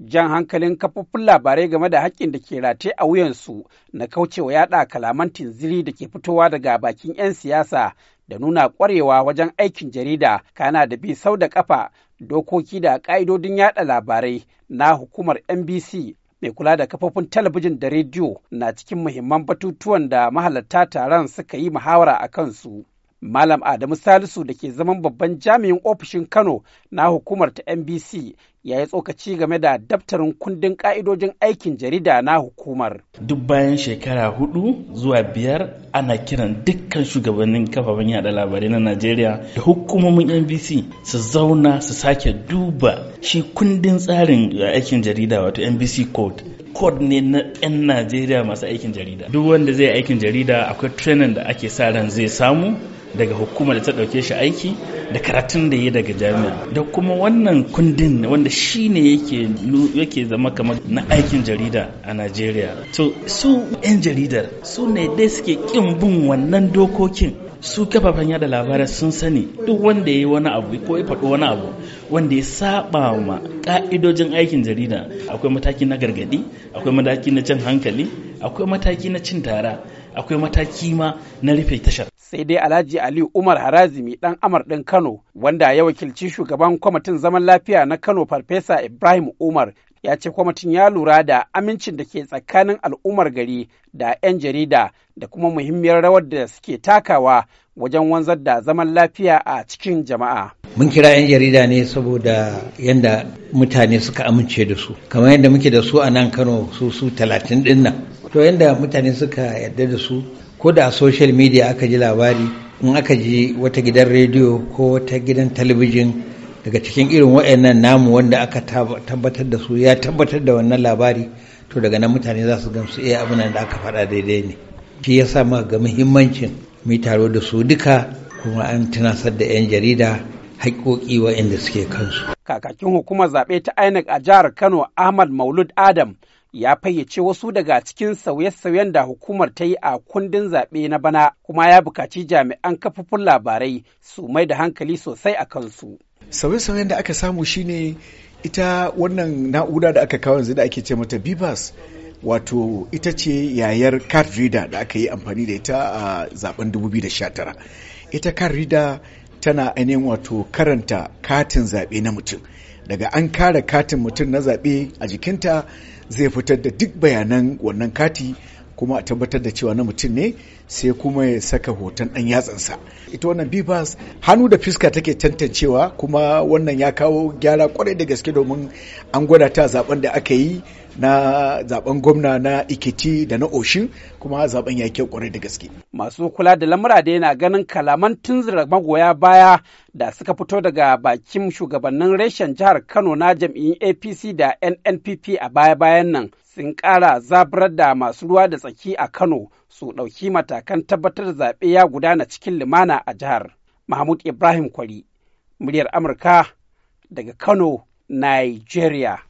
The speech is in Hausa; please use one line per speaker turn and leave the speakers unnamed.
jan hankalin kafofin labarai game da haƙƙin da ke rataye a wuyansu na kaucewa yaɗa kalaman tinziri da ke fitowa daga bakin 'yan siyasa da nuna ƙwarewa wajen aikin jarida kana da bi sau da ƙafa dokoki da ƙa'idodin yaɗa labarai na hukumar NBC mai kula da kafofin talabijin da rediyo na cikin muhimman batutuwan da mahalarta taron suka yi muhawara a kansu. Malam Adamu Salisu da ke zaman babban jami'in ofishin Kano na hukumar ta NBC ya yi tsokaci game da daftarin kundin ka'idojin aikin jarida na hukumar.
Duk bayan shekara hudu zuwa biyar ana kiran dukkan shugabannin kafafen yada labarai na Najeriya da hukumomin NBC su zauna su sake duba shi kundin tsarin aikin jarida wato NBC Code. Code ne na 'yan Najeriya masu aikin jarida. Duk wanda zai aikin jarida akwai training da ake sa ran zai samu daga hukumar da ta ɗauke shi aiki da karatun da ya daga jami'a da kuma wannan kundin wanda shi ne yake zama kamar na aikin jarida a najeriya to su 'yan jaridar su ne dai suke ƙin bin wannan dokokin su kafafen yada labarai sun sani duk wanda ya yi wani abu ko ya faɗo wani abu wanda ya saba ma ka'idojin aikin jarida akwai mataki na gargadi akwai mataki na cin hankali akwai mataki na cin tara
akwai mataki ma na rufe tashar sai dai Alhaji Ali Umar Harazimi ɗan Amar ɗin Kano wanda ya wakilci shugaban kwamitin zaman lafiya na Kano Farfesa Ibrahim Umar ya ce kwamitin ya lura da amincin da ke tsakanin al'ummar gari da 'yan jarida da kuma muhimmiyar rawar da suke takawa wajen wanzar da zaman lafiya a cikin
jama'a. Mun kira 'yan jarida ne saboda yadda mutane suka amince da su, kamar yadda muke da su a nan Kano su su talatin ɗin To yadda mutane suka yarda da su ko da a social media aka ji labari in aka ji wata gidan rediyo ko wata gidan talabijin daga cikin irin wa'annan namu wanda aka tabbatar da su ya tabbatar da wannan labari to daga nan mutane za su gamsu iya eh, abin da aka faɗa daidai ne shi ya sa ga muhimmancin mu taro da su duka kuma an tunasar da 'yan jarida haƙƙoƙi wa'anda suke kansu
kakakin hukumar zaɓe ta inec a jihar kano ahmad maulud adam ya fayyace wasu daga cikin sauye-sauyen da hukumar ta yi a kundin zaɓe na bana kuma ya buƙaci jami'an kafofin labarai su mai da hankali sosai a kansu.
Sauye-sauyen da aka samu shine ita wannan na'ura da aka kawo yanzu da ake ce mata bibas wato ita ce yayar card reader da aka yi amfani da ita a zaben 2019 ita card reader tana ainihin wato karanta katin zaɓe na mutum daga an kare katin mutum na zaɓe a jikinta zai fitar da duk bayanan wannan kati kuma a tabbatar da cewa na mutum ne sai kuma ya saka hoton ɗan yatsansa ita wannan bibas hannu da fiska take tantancewa kuma wannan ya kawo gyara kwarai da gaske domin an gwada ta zaben da aka yi na zaben gwamna na ikiti da na oshin kuma zaben ya kyau kwarai da gaske
masu kula da lamura da yana ganin kalaman tunzura magoya baya da suka fito daga bakin shugabannin reshen jihar kano na jam'iyyun apc da nnpp a baya-bayan nan sun ƙara zaburar da masu ruwa da tsaki a Kano su ɗauki matakan tabbatar zaɓe ya gudana cikin limana a jihar. Mahmud Ibrahim Kwari, muryar Amurka daga Kano, Nigeria.